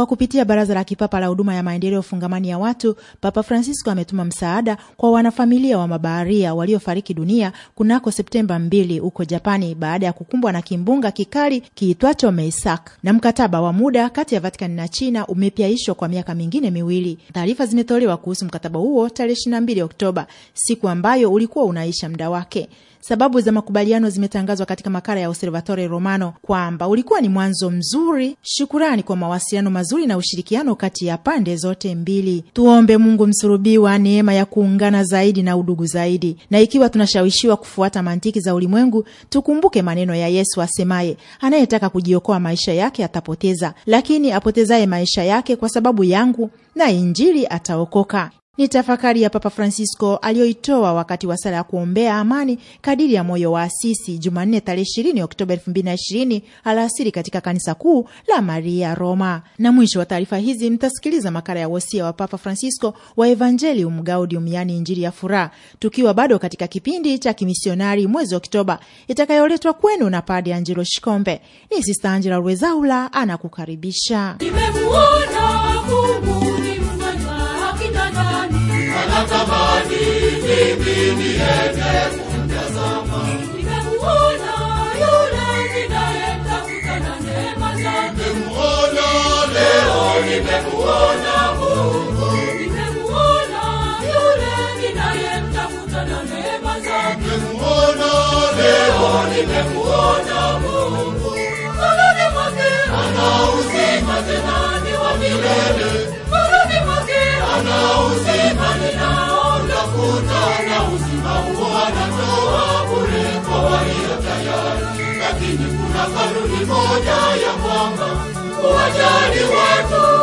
Kwa kupitia Baraza la Kipapa la Huduma ya Maendeleo Fungamani ya Watu, Papa Francisco ametuma msaada kwa wanafamilia wa mabaharia waliofariki dunia kunako Septemba mbili huko Japani baada ya kukumbwa na kimbunga kikali kiitwacho Meisak, na mkataba wa muda kati ya Vatikani na China umepyaishwa kwa miaka mingine miwili. Taarifa zimetolewa kuhusu mkataba huo tarehe 22 Oktoba, siku ambayo ulikuwa unaisha muda wake. Sababu za makubaliano zimetangazwa katika makala ya Osservatore Romano kwamba ulikuwa ni mwanzo mzuri, shukurani kwa mawasiliano mazuri na ushirikiano kati ya pande zote mbili. Tuombe Mungu msulubiwa neema ya kuungana zaidi na udugu zaidi, na ikiwa tunashawishiwa kufuata mantiki za ulimwengu, tukumbuke maneno ya Yesu asemaye, anayetaka kujiokoa maisha yake atapoteza, lakini apotezaye maisha yake kwa sababu yangu na Injili ataokoka. Ni tafakari ya Papa Francisco aliyoitoa wakati wa sala ya kuombea amani kadiri ya moyo wa Asisi, Jumanne tarehe 20 Oktoba 2020 alasiri katika kanisa kuu la Maria Roma. Na mwisho wa taarifa hizi mtasikiliza makala ya wosia wa Papa Francisco wa Evangelium Gaudium, yaani Injili ya Furaha, tukiwa bado katika kipindi cha kimisionari mwezi Oktoba, itakayoletwa kwenu na Padre Angelo Shikombe. Ni Sista Angela Rwezaula anakukaribisha. Nimemuona Mungu nimemuona Mungu. Karani mafuta na uzima huo wanatoa bure kwa walio tayari, lakini kuna kanuni moja ya kwamba kuwajali watu.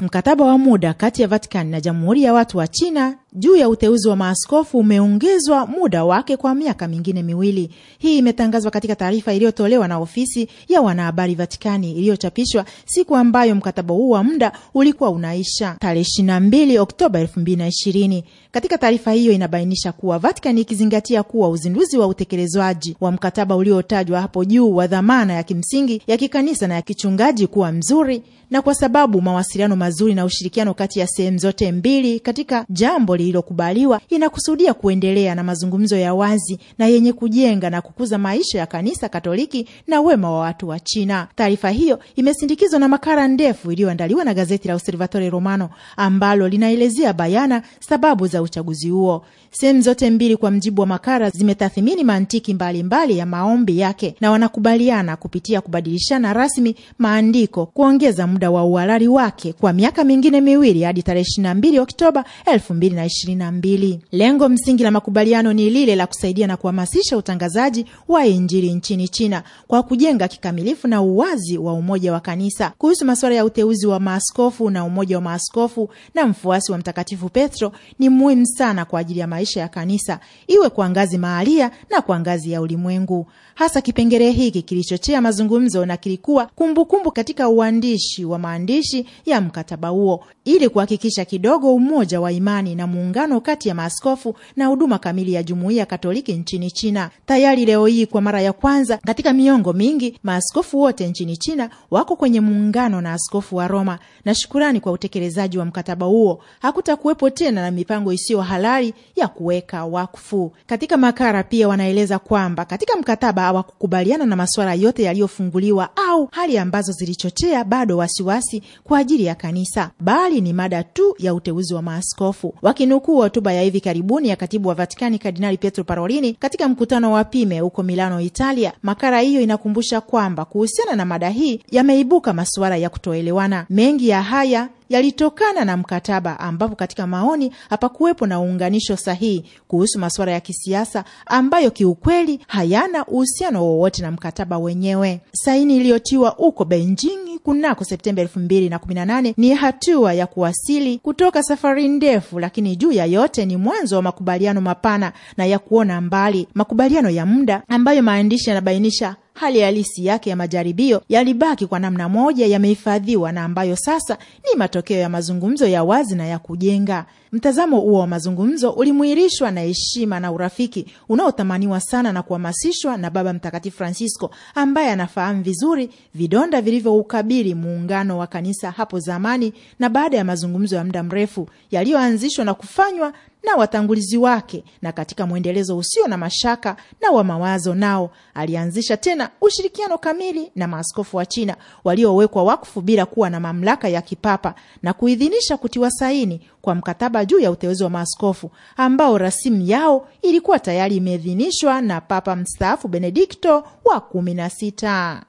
Mkataba wa muda kati ya Vatikani na Jamhuri ya Watu wa China juu ya uteuzi wa maaskofu umeongezwa muda wake kwa miaka mingine miwili. Hii imetangazwa katika taarifa iliyotolewa na ofisi ya wanahabari Vatikani iliyochapishwa siku ambayo mkataba huu wa muda ulikuwa unaisha tarehe 22 Oktoba 2020. Katika taarifa hiyo inabainisha kuwa Vatikani ikizingatia kuwa uzinduzi wa utekelezwaji wa mkataba uliotajwa hapo juu wa dhamana ya kimsingi ya kikanisa na ya kichungaji kuwa mzuri na kwa sababu mawasiliano mazuri na ushirikiano kati ya sehemu zote mbili katika jambo lililokubaliwa inakusudia kuendelea na mazungumzo ya wazi na yenye kujenga na kukuza maisha ya kanisa Katoliki na wema wa watu wa China. Taarifa hiyo imesindikizwa na makala ndefu iliyoandaliwa na gazeti la Osservatore Romano ambalo linaelezea bayana sababu za uchaguzi huo. Sehemu zote mbili, kwa mjibu wa Makara, zimetathimini mantiki mbalimbali mbali ya maombi yake na wanakubaliana kupitia kubadilishana rasmi maandiko kuongeza muda wa uhalali wake kwa miaka mingine miwili hadi tarehe 22 Oktoba 2022. Lengo msingi la makubaliano ni lile la kusaidia na kuhamasisha utangazaji wa Injili nchini China kwa kujenga kikamilifu na uwazi wa umoja wa kanisa kuhusu masuala ya uteuzi wa maaskofu na umoja wa maaskofu na mfuasi wa Mtakatifu Petro ni muhimu sana kwa ajili ya maisha maisha ya kanisa, iwe kwa ngazi mahalia na kwa ngazi ya ulimwengu. Hasa kipengele hiki kilichochea mazungumzo na kilikuwa kumbukumbu kumbu katika uandishi wa maandishi ya mkataba huo, ili kuhakikisha kidogo umoja wa imani na muungano kati ya maaskofu na huduma kamili ya jumuiya Katoliki nchini China. Tayari leo hii kwa mara ya kwanza katika miongo mingi, maaskofu wote nchini China wako kwenye muungano na askofu wa Roma, na shukurani kwa utekelezaji wa mkataba huo hakutakuwepo tena na mipango isiyo halali ya kuweka wakfu. Katika makara pia wanaeleza kwamba katika mkataba hawakukubaliana na masuala yote yaliyofunguliwa au hali ambazo zilichochea bado wasiwasi kwa ajili ya kanisa, bali ni mada tu ya uteuzi wa maaskofu. Wakinukuu hotuba ya hivi karibuni ya katibu wa Vatikani Kardinali Pietro Parolini katika mkutano wa Pime huko Milano, Italia, makara hiyo inakumbusha kwamba kuhusiana na mada hii yameibuka masuala ya kutoelewana mengi ya haya yalitokana na mkataba ambapo katika maoni hapakuwepo na uunganisho sahihi kuhusu masuala ya kisiasa ambayo kiukweli hayana uhusiano wowote na mkataba wenyewe. Saini iliyotiwa huko Beijing kunako Septemba elfu mbili na kumi na nane ni hatua ya kuwasili kutoka safari ndefu, lakini juu ya yote ni mwanzo wa makubaliano mapana na ya kuona mbali, makubaliano ya muda ambayo maandishi yanabainisha hali halisi yake ya majaribio yalibaki kwa namna moja yamehifadhiwa na ambayo sasa ni matokeo ya mazungumzo ya wazi na ya kujenga. Mtazamo huo wa mazungumzo ulimwirishwa na heshima na urafiki unaothamaniwa sana na kuhamasishwa na Baba Mtakatifu Francisco, ambaye anafahamu vizuri vidonda vilivyoukabili muungano wa kanisa hapo zamani na baada ya mazungumzo ya muda mrefu yaliyoanzishwa na kufanywa na watangulizi wake, na katika mwendelezo usio na mashaka na wa mawazo, nao alianzisha tena ushirikiano kamili na maaskofu wa China waliowekwa wakfu bila kuwa na mamlaka ya kipapa na kuidhinisha kutiwa saini kwa mkataba juu ya uteuzi wa maaskofu ambao rasimu yao ilikuwa tayari imeidhinishwa na Papa mstaafu Benedikto wa kumi na sita.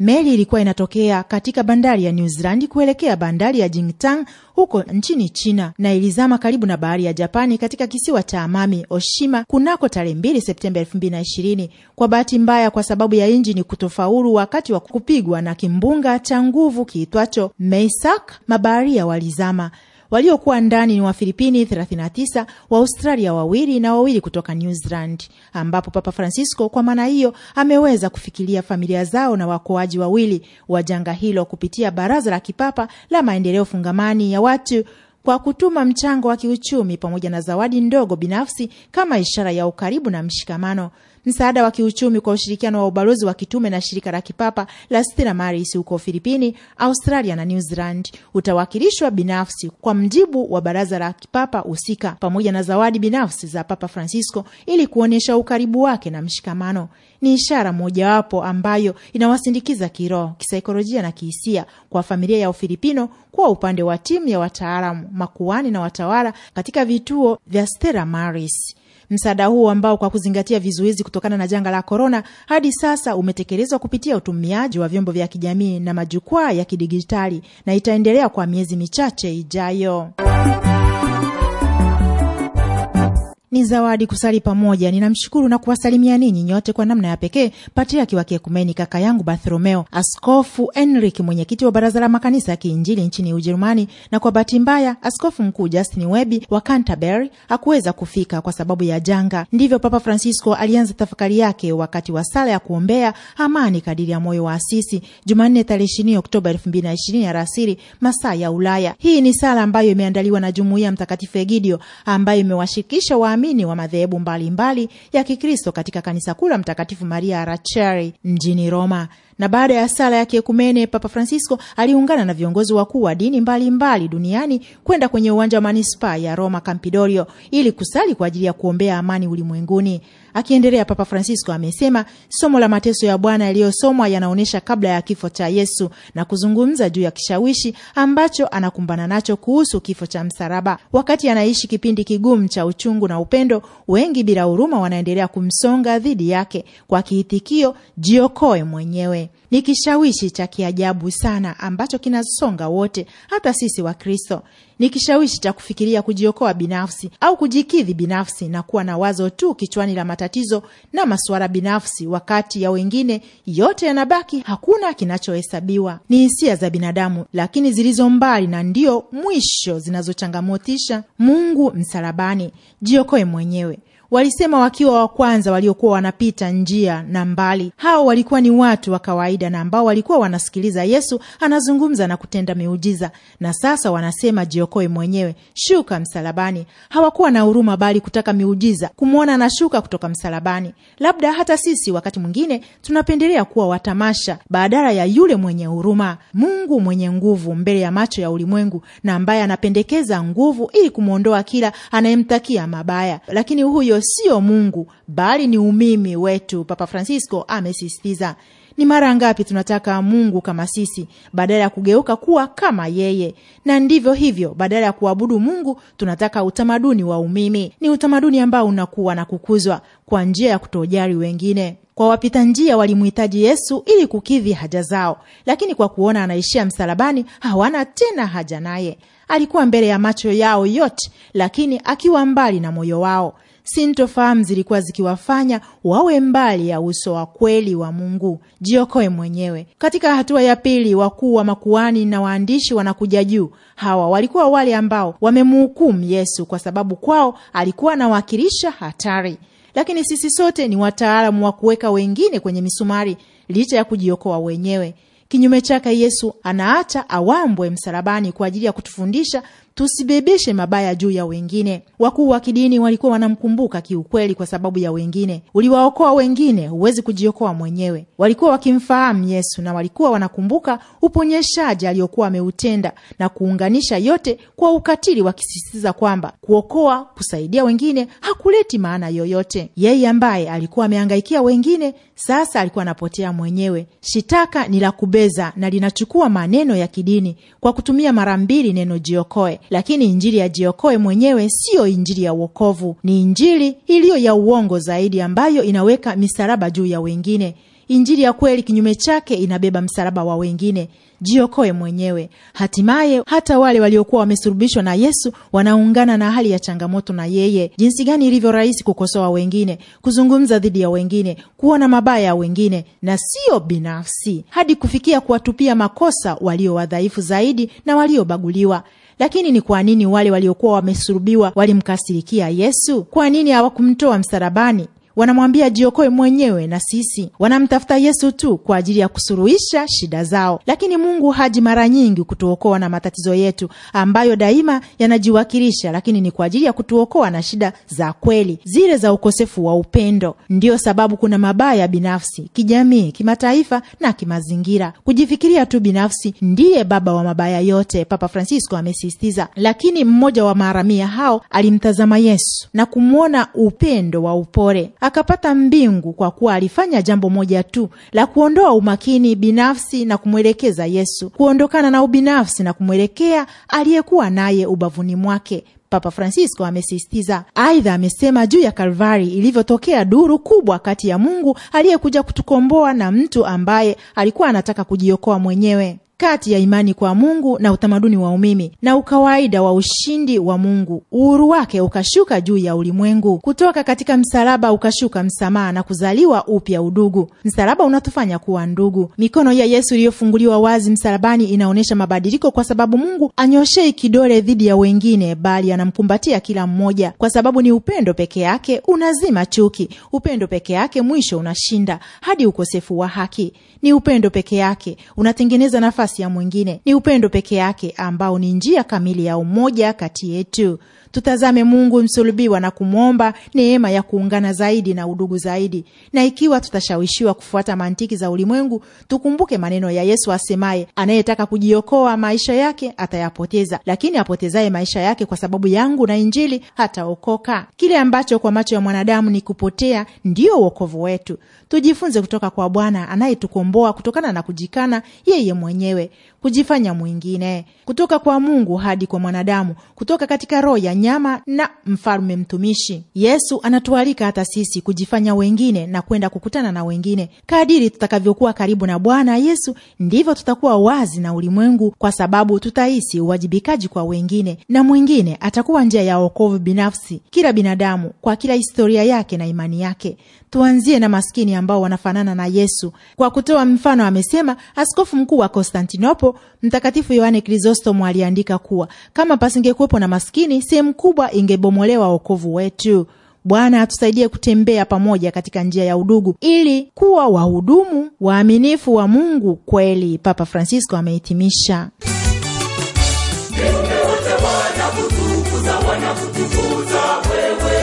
Meli ilikuwa inatokea katika bandari ya New Zealand kuelekea bandari ya Jingtang huko nchini China na ilizama karibu na bahari ya Japani katika kisiwa cha Amami Oshima kunako tarehe 2 Septemba 2020 kwa bahati mbaya, kwa sababu ya injini kutofaulu wakati wa kupigwa na kimbunga cha nguvu kiitwacho Meisak, mabaharia walizama. Waliokuwa ndani ni Wafilipini 39, Waaustralia wawili na wawili kutoka New Zealand, ambapo Papa Francisco kwa maana hiyo ameweza kufikiria familia zao na wakoaji wawili wa janga hilo kupitia Baraza la Kipapa la Maendeleo Fungamani ya Watu kwa kutuma mchango wa kiuchumi pamoja na zawadi ndogo binafsi kama ishara ya ukaribu na mshikamano msaada wa kiuchumi kwa ushirikiano wa ubalozi wa kitume na shirika la kipapa la Stella Maris huko Filipini, Australia na New Zealand utawakilishwa binafsi kwa mjibu wa baraza la kipapa husika, pamoja na zawadi binafsi za Papa Francisco ili kuonyesha ukaribu wake na mshikamano. Ni ishara mojawapo ambayo inawasindikiza kiroho, kisaikolojia na kihisia kwa familia ya Ufilipino kuwa upande wa timu ya wataalamu, makuani na watawala katika vituo vya Stella Maris. Msaada huo ambao kwa kuzingatia vizuizi kutokana na janga la korona, hadi sasa umetekelezwa kupitia utumiaji wa vyombo vya kijamii na majukwaa ya kidigitali na itaendelea kwa miezi michache ijayo. Ni zawadi kusali pamoja. Ninamshukuru na kuwasalimia ninyi nyote kwa namna ya pekee patriaki wa kiekumeni kaka yangu Bartholomeo, askofu Enrik, mwenyekiti wa baraza la makanisa ya kiinjili nchini Ujerumani, na kwa bahati mbaya askofu mkuu Justin Webi wa Canterbury hakuweza kufika kwa sababu ya janga. Ndivyo Papa Francisco alianza tafakari yake wakati wa sala ya kuombea amani kadiri ya moyo wa Asisi, Jumanne tarehe 20 Oktoba 2020 alasiri, masaa ya Ulaya. Hii ni sala ambayo imeandaliwa na jumuiya Mtakatifu Egidio ambayo imewashirikisha wa waamini wa madhehebu mbalimbali ya Kikristo katika kanisa kuu la Mtakatifu Maria Racheri mjini Roma na baada ya sala ya kiekumene Papa Francisco aliungana na viongozi wakuu wa dini mbalimbali mbali duniani kwenda kwenye uwanja wa manispaa ya Roma Campidoglio ili kusali kwa ajili ya kuombea amani ulimwenguni. Akiendelea, Papa Francisco amesema somo la mateso ya Bwana yaliyosomwa yanaonyesha kabla ya kifo cha Yesu na kuzungumza juu ya kishawishi ambacho anakumbana nacho kuhusu kifo cha msalaba. Wakati anaishi kipindi kigumu cha uchungu na upendo, wengi bila huruma wanaendelea kumsonga dhidi yake kwa kiitikio jiokoe mwenyewe ni kishawishi cha kiajabu sana ambacho kinasonga wote, hata sisi Wakristo. Ni kishawishi cha kufikiria kujiokoa binafsi au kujikidhi binafsi na kuwa na wazo tu kichwani la matatizo na masuala binafsi, wakati ya wengine yote yanabaki, hakuna kinachohesabiwa. Ni hisia za binadamu, lakini zilizo mbali na ndio mwisho zinazochangamotisha Mungu msalabani. Jiokoe mwenyewe walisema wakiwa wa kwanza waliokuwa wanapita njia na mbali. Hao walikuwa ni watu wa kawaida na ambao walikuwa wanasikiliza Yesu anazungumza na kutenda miujiza, na sasa wanasema, jiokoe mwenyewe, shuka msalabani. Hawakuwa na huruma, bali kutaka miujiza, kumwona anashuka kutoka msalabani. Labda hata sisi wakati mwingine tunapendelea kuwa watamasha badala ya yule mwenye huruma, Mungu mwenye nguvu mbele ya macho ya ulimwengu, na ambaye anapendekeza nguvu ili kumwondoa kila anayemtakia mabaya, lakini huyo huyo siyo Mungu bali ni umimi wetu, Papa Francisco amesisitiza. Ni mara ngapi tunataka Mungu kama sisi badala ya kugeuka kuwa kama yeye? Na ndivyo hivyo, badala ya kuabudu Mungu tunataka utamaduni wa umimi. Ni utamaduni ambao unakuwa na kukuzwa kwa njia ya kutojali wengine. Kwa wapita njia walimhitaji Yesu ili kukidhi haja zao, lakini kwa kuona anaishia msalabani hawana tena haja naye. Alikuwa mbele ya macho yao yote, lakini akiwa mbali na moyo wao sintofahamu zilikuwa zikiwafanya wawe mbali ya uso wa kweli wa Mungu. Jiokoe mwenyewe. Katika hatua ya pili, wakuu wa makuani na waandishi wanakuja juu. Hawa walikuwa wale ambao wamemhukumu Yesu kwa sababu kwao alikuwa anawakilisha hatari, lakini sisi sote ni wataalamu wa kuweka wengine kwenye misumari licha ya kujiokoa wenyewe. Kinyume chake, Yesu anaacha awambwe msalabani kwa ajili ya kutufundisha tusibebeshe mabaya juu ya wengine. Wakuu wa kidini walikuwa wanamkumbuka kiukweli kwa sababu ya wengine. Uliwaokoa wengine, huwezi kujiokoa mwenyewe. Walikuwa wakimfahamu Yesu na walikuwa wanakumbuka uponyeshaji aliyokuwa ameutenda na kuunganisha yote kwa ukatili, wakisisitiza kwamba kuokoa, kusaidia wengine hakuleti maana yoyote. Yeye ambaye alikuwa amehangaikia wengine, sasa alikuwa anapotea mwenyewe. Shitaka ni la kubeza na linachukua maneno ya kidini kwa kutumia mara mbili neno jiokoe lakini injili ya jiokoe mwenyewe siyo injili ya wokovu, ni injili iliyo ya uongo zaidi, ambayo inaweka misalaba juu ya wengine. Injili ya kweli kinyume chake inabeba msalaba wa wengine. Jiokoe mwenyewe. Hatimaye hata wale waliokuwa wamesulubishwa na Yesu wanaungana na hali ya changamoto na yeye. Jinsi gani ilivyo rahisi kukosoa wengine, kuzungumza dhidi ya wengine, kuona mabaya ya wengine na siyo binafsi, hadi kufikia kuwatupia makosa walio wadhaifu zaidi na waliobaguliwa. Lakini ni kwa nini wale waliokuwa wamesulubiwa walimkasirikia Yesu? Kwa nini hawakumtoa msalabani? wanamwambia jiokoe mwenyewe na sisi. Wanamtafuta Yesu tu kwa ajili ya kusuluhisha shida zao, lakini Mungu haji mara nyingi kutuokoa na matatizo yetu ambayo daima yanajiwakilisha, lakini ni kwa ajili ya kutuokoa na shida za kweli, zile za ukosefu wa upendo. Ndiyo sababu kuna mabaya binafsi, kijamii, kimataifa na kimazingira. Kujifikiria tu binafsi ndiye baba wa mabaya yote, Papa Francisco amesisitiza. Lakini mmoja wa maharamia hao alimtazama Yesu na kumwona upendo wa upole akapata mbingu kwa kuwa alifanya jambo moja tu la kuondoa umakini binafsi na kumwelekeza Yesu, kuondokana na ubinafsi na kumwelekea aliyekuwa naye ubavuni mwake. Papa Francisco amesisitiza. Aidha, amesema juu ya Kalvari ilivyotokea duru kubwa kati ya Mungu aliyekuja kutukomboa na mtu ambaye alikuwa anataka kujiokoa mwenyewe kati ya imani kwa Mungu na utamaduni wa umimi na ukawaida wa ushindi wa Mungu. Uhuru wake ukashuka juu ya ulimwengu, kutoka katika msalaba ukashuka msamaha na kuzaliwa upya udugu. Msalaba unatufanya kuwa ndugu. Mikono ya Yesu iliyofunguliwa wazi msalabani inaonyesha mabadiliko, kwa sababu Mungu anyoshei kidole dhidi ya wengine, bali anamkumbatia kila mmoja, kwa sababu ni upendo peke yake unazima chuki. Upendo peke yake mwisho unashinda hadi ukosefu wa haki. Ni upendo peke yake unatengeneza nafasi nafasi ya mwingine. Ni upendo peke yake ambao ni njia kamili ya umoja kati yetu tutazame Mungu msulubiwa na kumwomba neema ya kuungana zaidi na udugu zaidi, na ikiwa tutashawishiwa kufuata mantiki za ulimwengu, tukumbuke maneno ya Yesu asemaye, anayetaka kujiokoa maisha yake atayapoteza, lakini apotezaye maisha yake kwa sababu yangu na Injili hataokoka. Kile ambacho kwa macho ya mwanadamu ni kupotea, ndiyo uokovu wetu. Tujifunze kutoka kwa Bwana anayetukomboa kutokana na kujikana yeye mwenyewe, kujifanya mwingine, kutoka kwa Mungu hadi kwa mwanadamu, kutoka katika roho ya mnyama na mfalme mtumishi. Yesu anatualika hata sisi kujifanya wengine na kwenda kukutana na wengine. Kadiri tutakavyokuwa karibu na Bwana Yesu, ndivyo tutakuwa wazi na ulimwengu, kwa sababu tutahisi uwajibikaji kwa wengine, na mwingine atakuwa njia ya wokovu binafsi, kila binadamu kwa kila historia yake na imani yake. Tuanzie na maskini ambao wanafanana na Yesu. Kwa kutoa mfano, amesema askofu mkuu wa Konstantinopo Mtakatifu Yohane Krizostomo aliandika kuwa kama pasingekuwepo na maskini sehemu sehemu kubwa ingebomolewa wokovu wetu. Bwana atusaidie kutembea pamoja katika njia ya udugu ili kuwa wahudumu waaminifu wa Mungu kweli, Papa Francisco amehitimisha. wote wanakutukuza, wanakutukuza wewe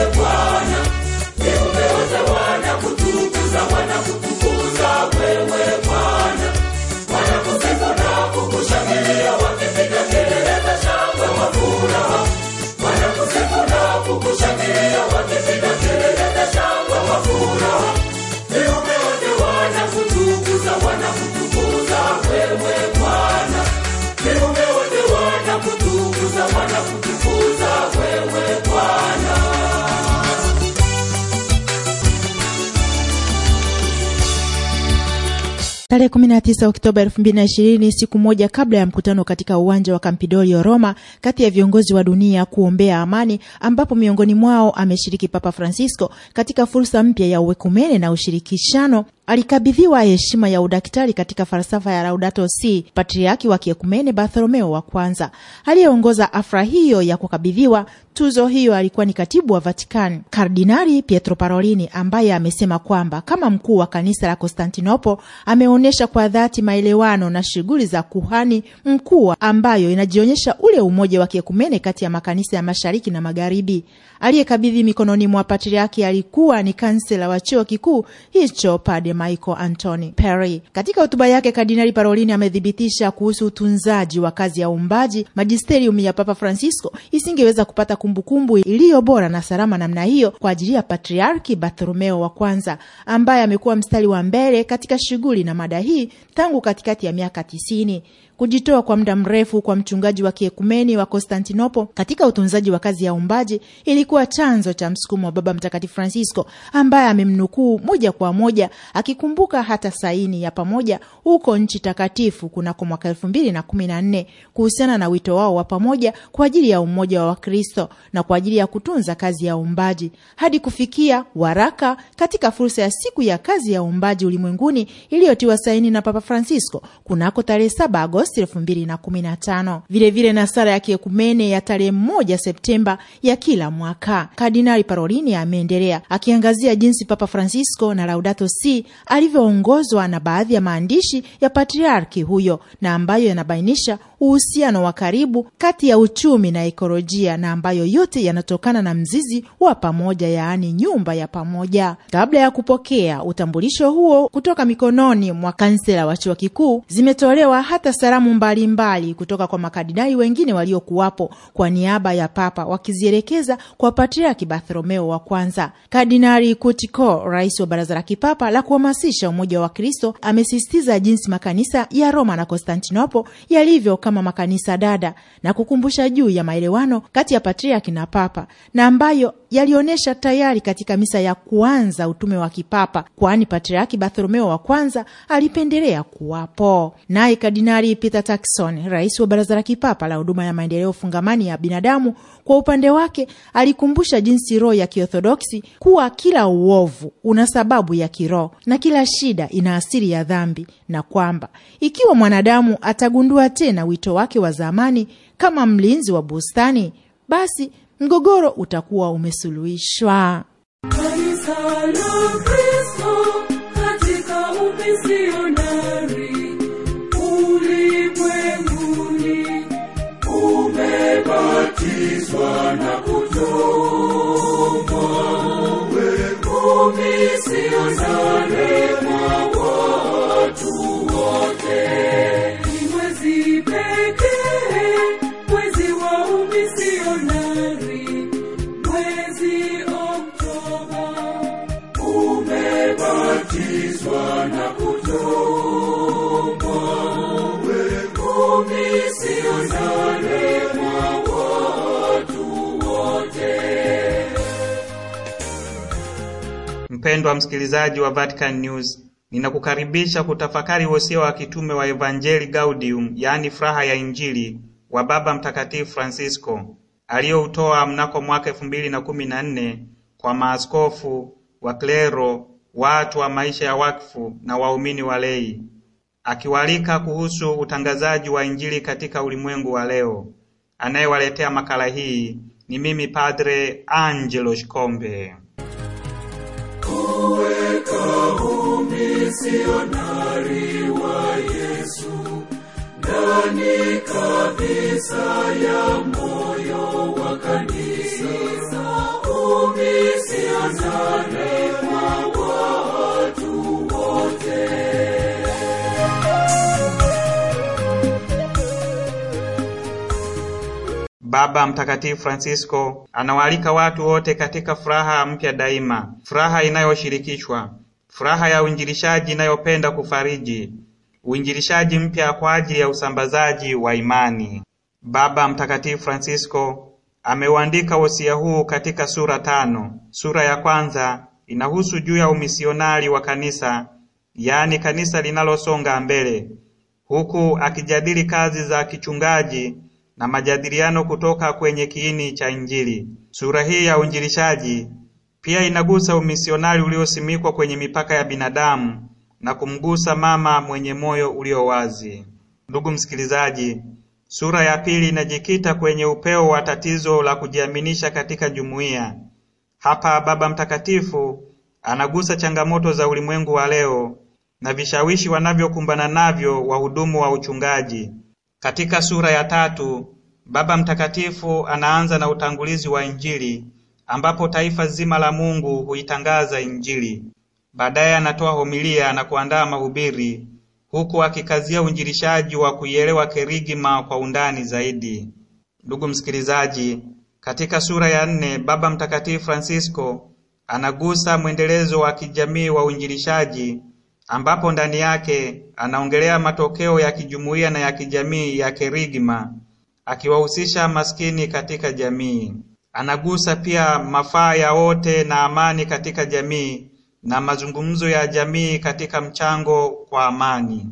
Tarehe 19 Oktoba 2020, siku moja kabla ya mkutano katika uwanja wa Campidoglio Roma, kati ya viongozi wa dunia kuombea amani, ambapo miongoni mwao ameshiriki Papa Francisco katika fursa mpya ya uwekumene na ushirikishano alikabidhiwa heshima ya udaktari katika falsafa ya Laudato Si, patriaki wa kiekumene Bartholomeo wa kwanza. Aliyeongoza afra hiyo ya kukabidhiwa tuzo hiyo alikuwa ni katibu wa Vatikani Kardinali Pietro Parolini, ambaye amesema kwamba kama mkuu wa kanisa la Konstantinopo ameonyesha kwa dhati maelewano na shughuli za kuhani mkuu ambayo inajionyesha ule umoja wa kiekumene kati ya makanisa ya mashariki na magharibi. Aliyekabidhi mikononi mwa patriaki alikuwa ni kansela wa chuo kikuu hicho Pade Michael Anthony Perry. Katika hotuba yake, Kardinali Parolini amethibitisha kuhusu utunzaji wa kazi ya uumbaji, majisterium ya Papa Francisco isingeweza kupata kumbukumbu iliyo bora na salama namna hiyo kwa ajili ya Patriarki Bartholomeo wa kwanza ambaye amekuwa mstari wa mbele katika shughuli na mada hii tangu katikati ya miaka tisini. Kujitoa kwa muda mrefu kwa mchungaji wa kiekumeni wa Konstantinopo katika utunzaji wa kazi ya umbaji ilikuwa chanzo cha msukumo wa Baba Mtakatifu Francisco, ambaye amemnukuu moja kwa moja akikumbuka hata saini ya pamoja huko nchi takatifu kunako mwaka elfu mbili na kumi na nne kuhusiana na wito wao wa pamoja kwa ajili ya umoja wa Wakristo na kwa ajili ya kutunza kazi ya umbaji hadi kufikia waraka katika fursa ya siku ya kazi ya umbaji ulimwenguni iliyotiwa saini na Papa Francisco kunako tarehe saba Agosti Agosti 2015, vilevile na sala ya kiekumene ya tarehe 1 Septemba ya kila mwaka. Kardinali Parolini ameendelea akiangazia jinsi Papa Francisco na Laudato Si alivyoongozwa na baadhi ya maandishi ya patriarki huyo na ambayo yanabainisha uhusiano wa karibu kati ya uchumi na ekolojia na ambayo yote yanatokana na mzizi wa pamoja, yaani nyumba ya pamoja. Kabla ya kupokea utambulisho huo kutoka mikononi mwa kansela wa chuo kikuu, zimetolewa hata salamu mbalimbali mbali kutoka kwa makardinali wengine waliokuwapo kwa niaba ya Papa, wakizielekeza kwa Patriaki Bartholomeo wa kwanza. Kardinali Kutiko, rais wa Baraza la Kipapa la kuhamasisha umoja wa Kristo, amesisitiza jinsi makanisa ya Roma na Konstantinopo yalivyo kama kama makanisa dada na kukumbusha juu ya maelewano kati ya patriaki na papa na ambayo yalionyesha tayari katika misa ya kuanza utume wa kipapa, kwani patriaki Bartholomeo wa kwanza alipendelea kuwapo. Naye Kardinali Peter Turkson, rais wa baraza la kipapa la huduma ya maendeleo fungamani ya binadamu kwa upande wake, alikumbusha jinsi roho ya Kiorthodoksi kuwa kila uovu una sababu ya kiroho na kila shida ina asili ya dhambi, na kwamba ikiwa mwanadamu atagundua tena wito wake wa zamani kama mlinzi wa bustani, basi mgogoro utakuwa umesuluhishwa. na kutumwa kumi sio kwa watu wote Mpendwa msikilizaji wa Vatican News, ninakukaribisha kutafakari wosia wa kitume wa Evangelii Gaudium, yaani furaha ya Injili, wa Baba Mtakatifu Francisco aliyoutoa mnako mwaka 2014 kwa maaskofu, klero, watu wa maisha ya wakfu na waumini wa lei akiwalika kuhusu utangazaji wa Injili katika ulimwengu wa leo. Anayewaletea makala hii ni mimi Padre Angelo Shikombe kuweka umisionari wa Yesu ndani kabisa ya moyo wa kanisa umisionari Baba Mtakatifu Francisco anawaalika watu wote katika furaha mpya daima, furaha inayoshirikishwa, furaha ya uinjilishaji inayopenda kufariji, uinjilishaji mpya kwa ajili ya usambazaji wa imani. Baba Mtakatifu Francisco ameuandika wosia huu katika sura tano. Sura ya kwanza inahusu juu ya umisionari wa kanisa, yaani kanisa linalosonga mbele, huku akijadili kazi za kichungaji na majadiliano kutoka kwenye kiini cha Injili. Sura hii ya uinjilishaji pia inagusa umisionari uliosimikwa kwenye mipaka ya binadamu na kumgusa mama mwenye moyo ulio wazi. Ndugu msikilizaji, sura ya pili inajikita kwenye upeo wa tatizo la kujiaminisha katika jumuiya. Hapa Baba Mtakatifu anagusa changamoto za ulimwengu wa leo na vishawishi wanavyokumbana navyo wahudumu wa uchungaji katika sura ya tatu Baba Mtakatifu anaanza na utangulizi wa Injili ambapo taifa zima la Mungu huitangaza Injili. Baadaye anatoa homilia na kuandaa mahubiri huku akikazia uinjilishaji wa kuielewa kerigma kwa undani zaidi. Ndugu msikilizaji, katika sura ya nne Baba Mtakatifu Francisco anagusa mwendelezo wa kijamii wa uinjilishaji ambapo ndani yake anaongelea matokeo ya kijumuiya na ya kijamii ya kerigma akiwahusisha maskini katika jamii. Anagusa pia mafaa ya wote na amani katika jamii na mazungumzo ya jamii katika mchango kwa amani.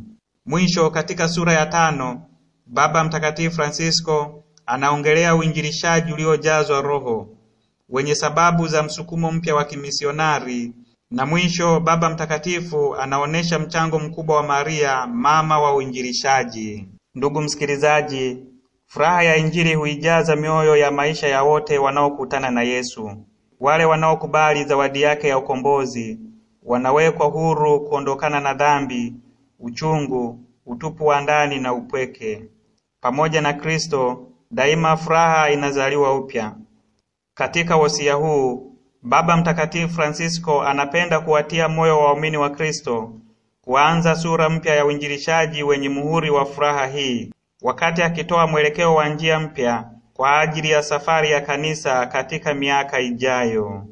Mwisho, katika sura ya tano, Baba Mtakatifu Francisco anaongelea uinjilishaji uliojazwa Roho wenye sababu za msukumo mpya wa kimisionari na mwisho Baba Mtakatifu anaonyesha mchango mkubwa wa Maria, mama wa uinjilishaji. Ndugu msikilizaji, furaha ya Injili huijaza mioyo ya maisha ya wote wanaokutana na Yesu. Wale wanaokubali zawadi yake ya ukombozi wanawekwa huru kuondokana na dhambi, uchungu, utupu wa ndani na upweke. Pamoja na Kristo, daima furaha inazaliwa upya. Katika wosia huu Baba Mtakatifu francisco anapenda kuwatia moyo waumini wa Kristo kuanza sura mpya ya uinjilishaji wenye muhuri wa furaha hii wakati akitoa mwelekeo wa njia mpya kwa ajili ya safari ya kanisa katika miaka ijayo.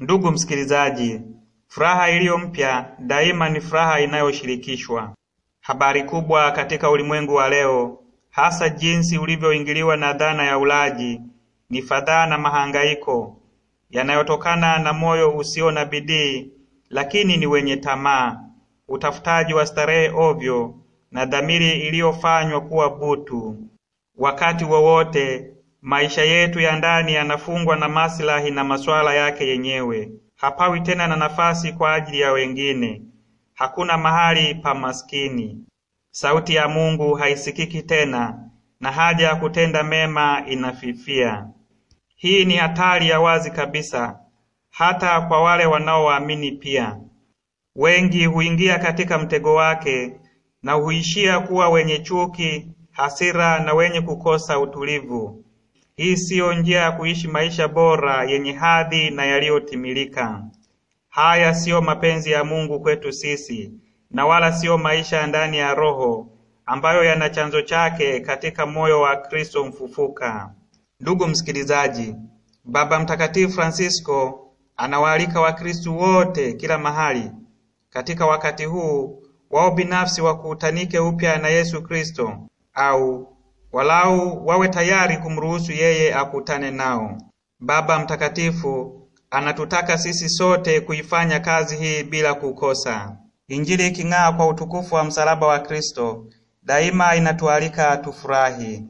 Ndugu msikilizaji, furaha iliyo mpya daima ni furaha inayoshirikishwa. Habari kubwa katika ulimwengu wa leo hasa jinsi ulivyoingiliwa na dhana ya ulaji, ni fadhaa na mahangaiko yanayotokana na moyo usio na bidii, lakini ni wenye tamaa, utafutaji wa starehe ovyo na dhamiri iliyofanywa kuwa butu. Wakati wowote maisha yetu ya ndani yanafungwa na maslahi na masuala yake yenyewe, hapawi tena na nafasi kwa ajili ya wengine. Hakuna mahali pa maskini sauti ya Mungu haisikiki tena na haja ya kutenda mema inafifia. Hii ni hatari ya wazi kabisa hata kwa wale wanaowaamini pia. Wengi huingia katika mtego wake na huishia kuwa wenye chuki, hasira na wenye kukosa utulivu. Hii siyo njia ya kuishi maisha bora yenye hadhi na yaliyotimilika. Haya siyo mapenzi ya Mungu kwetu sisi na wala siyo maisha ya ndani ya Roho ambayo yana chanzo chake katika moyo wa Kristo mfufuka. Ndugu msikilizaji, Baba Mtakatifu Francisco anawaalika Wakristu wote kila mahali katika wakati huu wao binafsi wakutanike upya na Yesu Kristo au walau wawe tayari kumruhusu yeye akutane nao. Baba Mtakatifu anatutaka sisi sote kuifanya kazi hii bila kukosa. Injili iking'aa kwa utukufu wa msalaba wa Kristo, daima inatualika tufurahi.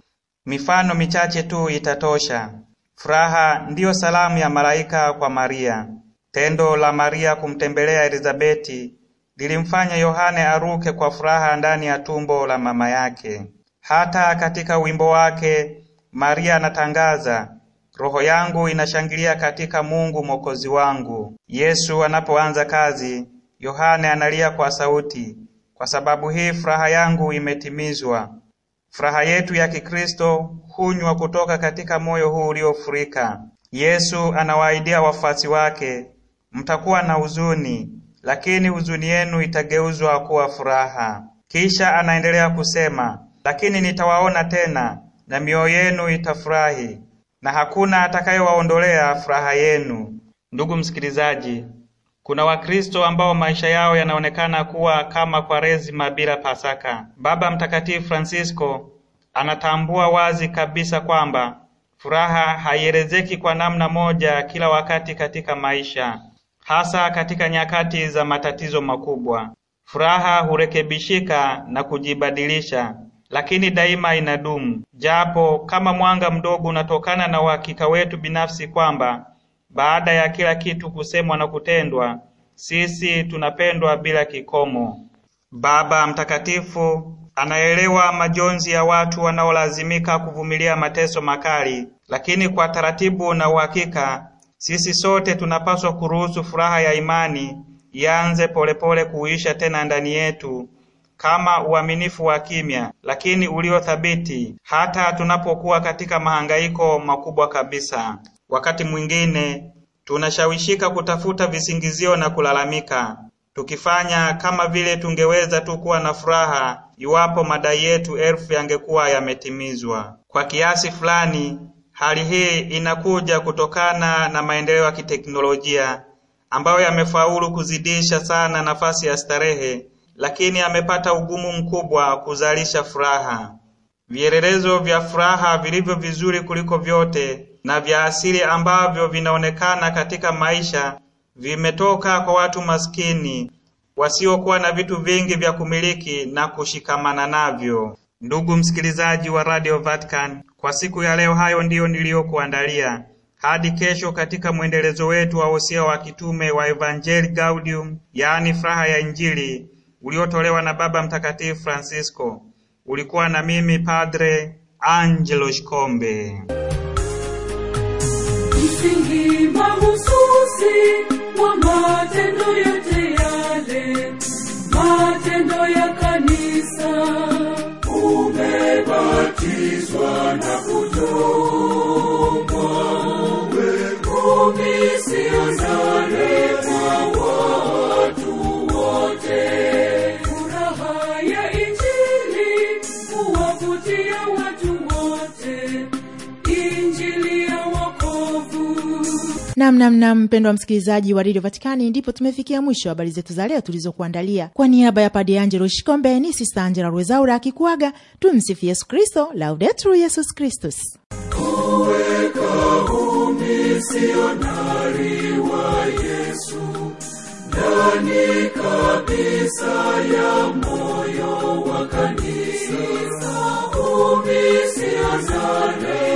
Mifano michache tu itatosha. Furaha ndiyo salamu ya malaika kwa Maria. Tendo la Maria kumtembelea Elizabeti lilimfanya Yohane aruke kwa furaha ndani ya tumbo la mama yake. Hata katika wimbo wake Maria anatangaza, roho yangu inashangilia katika Mungu mwokozi wangu. Yesu anapoanza kazi Yohane analia kwa sauti, kwa sababu hii furaha yangu imetimizwa. Furaha yetu ya Kikristo hunywa kutoka katika moyo huu uliofurika. Yesu anawaahidia wafuasi wake, mtakuwa na huzuni, lakini huzuni yenu itageuzwa kuwa furaha. Kisha anaendelea kusema, lakini nitawaona tena na mioyo yenu itafurahi na hakuna atakayewaondolea furaha yenu. Ndugu msikilizaji, kuna Wakristo ambao maisha yao yanaonekana kuwa kama kwa rezima bila Pasaka. Baba Mtakatifu Francisco anatambua wazi kabisa kwamba furaha haielezeki kwa namna moja kila wakati katika maisha, hasa katika nyakati za matatizo makubwa. Furaha hurekebishika na kujibadilisha, lakini daima inadumu, japo kama mwanga mdogo unatokana na uhakika wetu binafsi kwamba baada ya kila kitu kusemwa na kutendwa, sisi tunapendwa bila kikomo. Baba Mtakatifu anaelewa majonzi ya watu wanaolazimika kuvumilia mateso makali, lakini kwa taratibu na uhakika, sisi sote tunapaswa kuruhusu furaha ya imani ianze polepole kuisha tena ndani yetu kama uaminifu wa kimya lakini ulio thabiti, hata tunapokuwa katika mahangaiko makubwa kabisa. Wakati mwingine tunashawishika kutafuta visingizio na kulalamika tukifanya kama vile tungeweza tu kuwa na furaha iwapo madai yetu elfu yangekuwa yametimizwa. Kwa kiasi fulani, hali hii inakuja kutokana na maendeleo ya kiteknolojia ambayo yamefaulu kuzidisha sana nafasi ya starehe, lakini yamepata ugumu mkubwa kuzalisha furaha. Vielelezo vya furaha vilivyo vizuri kuliko vyote na vya asili ambavyo vinaonekana katika maisha vimetoka kwa watu maskini wasiokuwa na vitu vingi vya kumiliki na kushikamana navyo. Ndugu msikilizaji wa Radio Vatican, kwa siku ya leo hayo ndiyo niliyokuandalia. Hadi kesho katika mwendelezo wetu wa wosia wa kitume wa Evangelii Gaudium, yaani furaha ya Injili, uliotolewa na Baba Mtakatifu Francisco. Ulikuwa na mimi Padre Angelo Shikombe msingi mahususi wa matendo yote yale matendo ya kanisa umebatizwa na kutombwa umisiozale Namnamnam, mpendwa msikilizaji wa redio Vatikani, ndipo tumefikia mwisho habari zetu za leo tulizokuandalia. Kwa niaba ya Padi Angelo Shikombe ni Sista Angela Rwezaura akikuaga. Tumsifu Yesu Kristo, Laudetur Yesus Kristus. Kuweka umisionari wa Yesu ndani kabisa ya moyo wa kanisa, umisionari